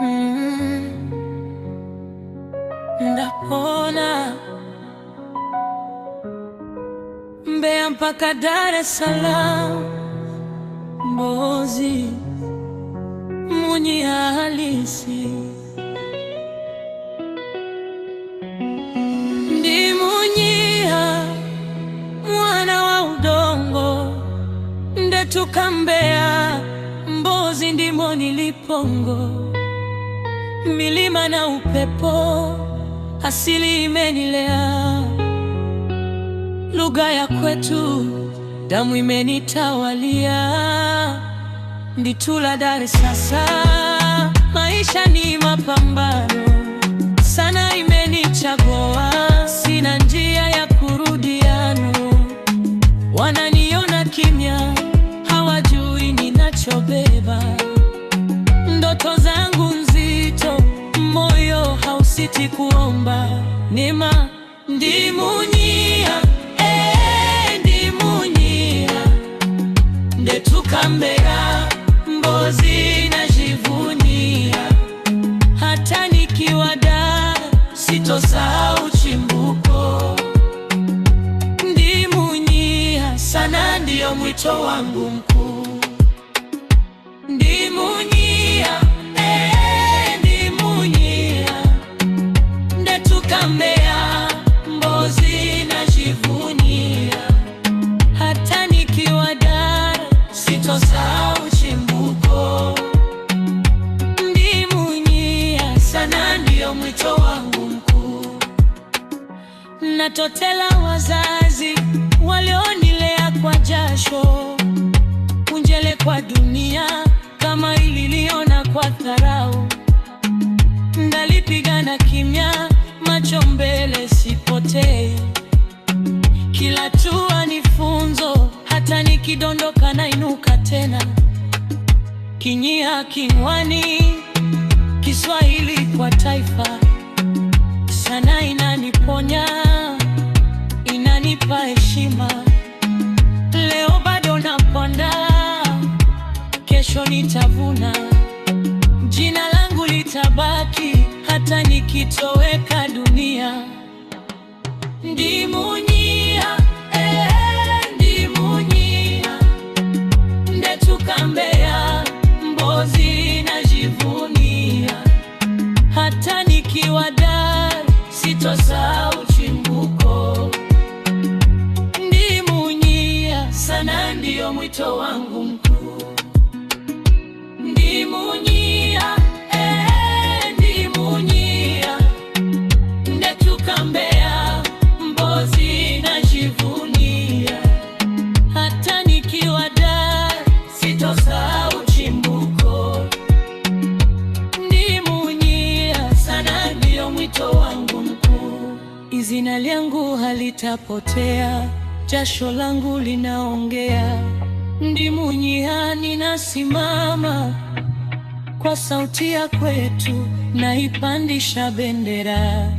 Mm-hmm. ndapona Mbeya mpaka Dar es Salaam, Mbozi Munyi halisi ndi mwana wa udongo ndetuka Mbeya mipongo, milima na upepo, asili imenilea, lugha ya kwetu, damu imenitawalia, nditula dare sasa, maisha ni mapambano, sana imenichagua siti kuomba nima ndimunyia eh, ndimunyia ndetukambera mbozi na jivunia hata nikiwa da sitosahau chimbuko ndimunyia sana ndiyo mwito wangu ndio mwito wangu mkuu. Natotela wazazi walionilea kwa jasho, unjele kwa dunia kama ililiona kwa dharau. Ndalipigana kimya, macho mbele, sipotei. Kila tua ni funzo, hata nikidondoka nainuka tena, kinyia kinywani heshima. Leo bado napanda, kesho nitavuna. Jina langu litabaki hata nikitoweka dunia. Ndimu ndio mwito wangu mkuu. Ndimunyia, ee, ndimunyia ndetuka Mbeya, Mbozi najivunia. Hata nikiwa Dar sitosahau chimbuko. Ndimunyia sana ndiyo mwito wangu mkuu. Izina langu halitapotea jasho langu linaongea, ndimu nyihani nasimama, kwa sauti ya kwetu naipandisha bendera.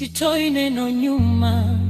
sitoi neno nyuma.